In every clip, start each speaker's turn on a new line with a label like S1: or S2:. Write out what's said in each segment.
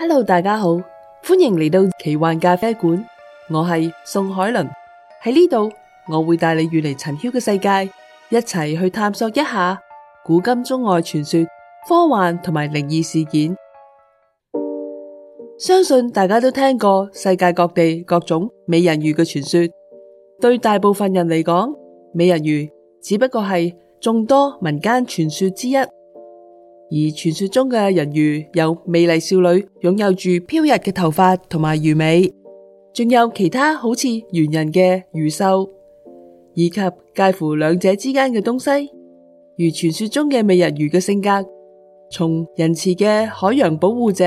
S1: hello，大家好，歡迎嚟到奇幻咖啡館，我係宋海倫，喺呢度，我會帶你遠離塵囂嘅世界，一齊去探索一下古今中外傳說、科幻同埋靈異事件。相信大家都聽過世界各地各種美人魚嘅傳說，對大部分人嚟講，美人魚只不過係眾多民間傳說之一。而傳說中嘅人魚有美麗少女，擁有住飄逸嘅頭髮同埋魚尾，仲有其他好似猿人嘅魚獸，以及介乎兩者之間嘅東西。如傳說中嘅美人魚嘅性格，從仁慈嘅海洋保護者，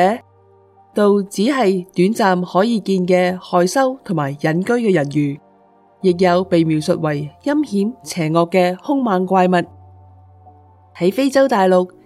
S1: 到只係短暫可以見嘅害羞同埋隱居嘅人魚，亦有被描述為陰險、邪惡嘅兇猛怪物。喺非洲大陸，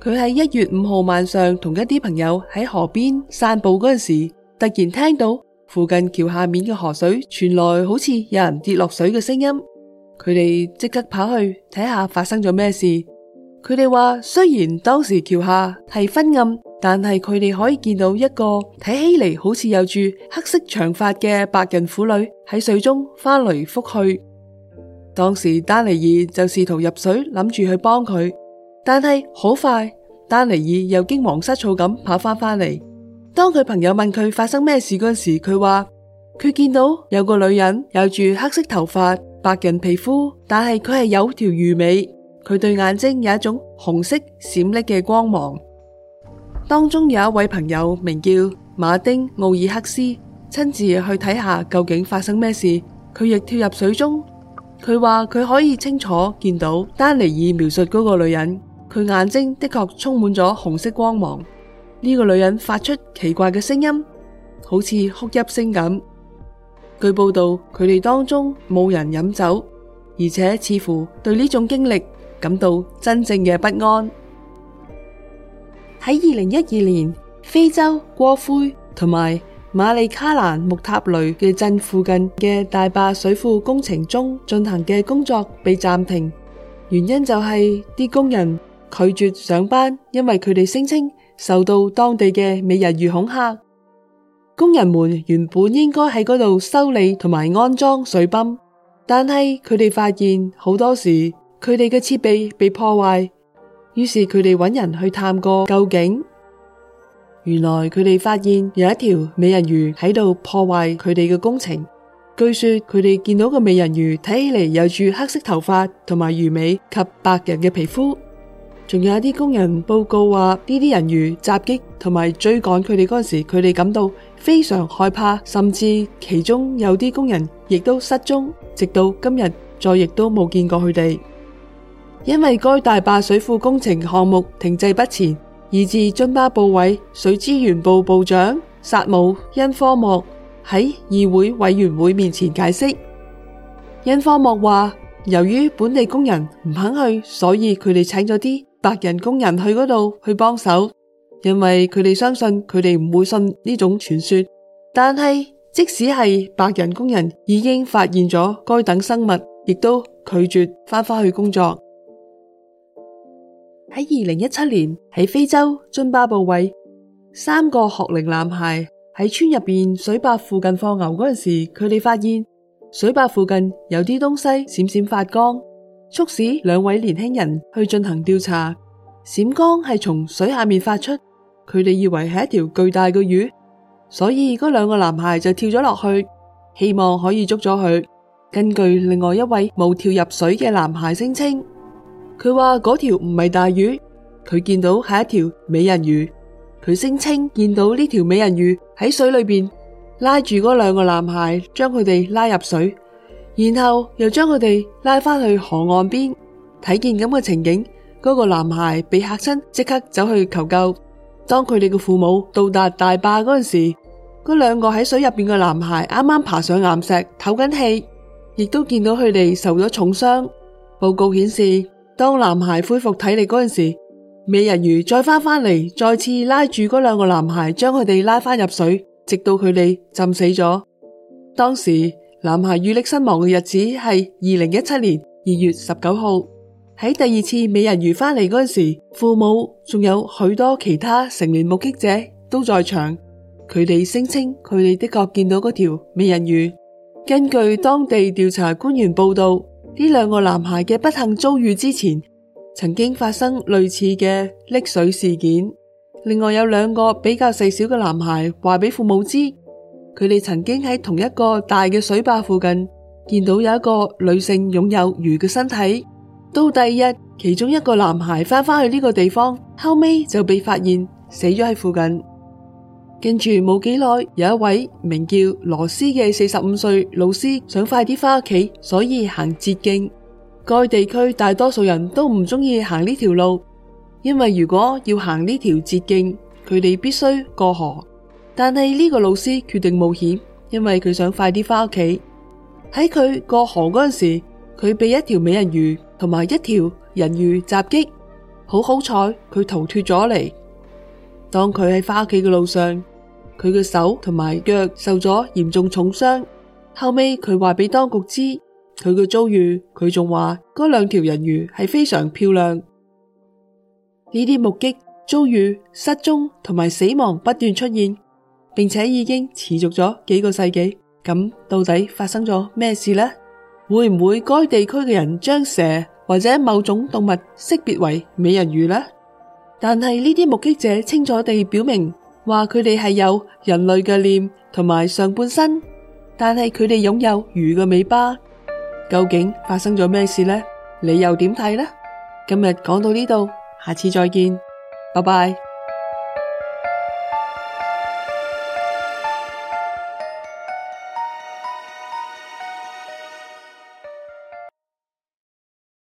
S1: 佢喺一月五號晚上，同一啲朋友喺河邊散步嗰陣時，突然聽到附近橋下面嘅河水傳來好似有人跌落水嘅聲音。佢哋即刻跑去睇下發生咗咩事。佢哋話雖然當時橋下係昏暗，但係佢哋可以見到一個睇起嚟好似有住黑色長髮嘅白人婦女喺水中翻來覆去。當時丹尼爾就試圖入水，諗住去幫佢。但係好快，丹尼爾又驚惶失措咁跑翻返嚟。當佢朋友問佢發生咩事嗰時，佢話佢見到有個女人有住黑色頭髮、白人皮膚，但係佢係有條魚尾。佢對眼睛有一種紅色閃亮嘅光芒。當中有一位朋友名叫馬丁奧爾克斯，親自去睇下究竟發生咩事。佢亦跳入水中，佢話佢可以清楚見到丹尼爾描述嗰個女人。佢眼睛的確充滿咗紅色光芒。呢個女人發出奇怪嘅聲音，好似哭泣聲咁。據報道，佢哋當中冇人飲酒，而且似乎對呢種經歷感到真正嘅不安。喺二零一二年，非洲鍋灰同埋馬里卡蘭木塔雷嘅鎮附近嘅大壩水庫工程中進行嘅工作被暫停，原因就係啲工人，拒絕上班，因為佢哋聲稱受到當地嘅美人魚恐嚇。工人們原本應該喺嗰度修理同埋安裝水泵，但係佢哋發現好多時佢哋嘅設備被破壞，於是佢哋搵人去探個究竟。原來佢哋發現有一條美人魚喺度破壞佢哋嘅工程。據說佢哋見到個美人魚睇起嚟有住黑色頭髮同埋魚尾及白人嘅皮膚。仲有一啲工人報告話呢啲人魚襲擊同埋追趕佢哋嗰陣時，佢哋感到非常害怕，甚至其中有啲工人亦都失蹤，直到今日再亦都冇見過佢哋。因為該大壩水庫工程項目停滯不前，以致津巴布韋水資源部部長薩姆恩科莫喺議會委員會面前解釋，恩科莫話由於本地工人唔肯去，所以佢哋請咗啲。白人工人去嗰度去幫手，因為佢哋相信佢哋唔會信呢種傳說。但係即使係白人工人已經發現咗該等生物，亦都拒絕翻返去工作。喺二零一七年喺非洲津巴布韋，三個學齡男孩喺村入邊水壩附近放牛嗰陣時，佢哋發現水壩附近有啲東西閃閃發光。促使兩位年輕人去進行調查，閃光係從水下面發出，佢哋以為係一條巨大嘅魚，所以嗰兩個男孩就跳咗落去，希望可以捉咗佢。根據另外一位冇跳入水嘅男孩聲稱，佢話嗰條唔係大魚，佢見到係一條美人魚。佢聲稱見到呢條美人魚喺水裏邊拉住嗰兩個男孩，將佢哋拉入水。然後又將佢哋拉翻去河岸邊，睇見咁嘅情景，嗰個男孩被嚇親，即刻走去求救。當佢哋嘅父母到達大壩嗰陣時，嗰兩個喺水入邊嘅男孩啱啱爬上岩石唞緊氣，亦都見到佢哋受咗重傷。報告顯示，當男孩恢復體力嗰陣時，美人魚再翻翻嚟，再次拉住嗰兩個男孩，將佢哋拉翻入水，直到佢哋浸死咗。當時。男孩遇溺身亡嘅日子係二零一七年二月十九號，喺第二次美人魚翻嚟嗰陣時，父母仲有許多其他成年目擊者都在場。佢哋聲稱佢哋的確見到嗰條美人魚。根據當地調查官員報道，呢兩個男孩嘅不幸遭遇之前，曾經發生類似嘅溺水事件。另外有兩個比較細小嘅男孩話俾父母知。佢哋曾經喺同一個大嘅水壩附近見到有一個女性擁有魚嘅身體。到第二日，其中一個男孩翻返去呢個地方，後尾就被發現死咗喺附近。跟住冇幾耐，有一位名叫羅斯嘅四十五歲老師想快啲翻屋企，所以行捷徑。該地區大多數人都唔中意行呢條路，因為如果要行呢條捷徑，佢哋必須過河。但係呢個老師決定冒險，因為佢想快啲翻屋企。喺佢過河嗰陣時，佢被一條美人魚同埋一條人魚襲擊。好好彩，佢逃脫咗嚟。當佢喺翻屋企嘅路上，佢嘅手同埋腳受咗嚴重重傷。後尾佢話俾當局知佢嘅遭遇。佢仲話嗰兩條人魚係非常漂亮。呢啲目擊、遭遇、失蹤同埋死亡不斷出現，並且已經持續咗幾個世紀，咁到底發生咗咩事呢？會唔會該地區嘅人將蛇或者某種動物識別為美人魚呢？但係呢啲目擊者清楚地表明，話佢哋係有人類嘅臉同埋上半身，但係佢哋擁有魚嘅尾巴。究竟發生咗咩事呢？你又點睇呢？今日講到呢度，下次再見，拜拜。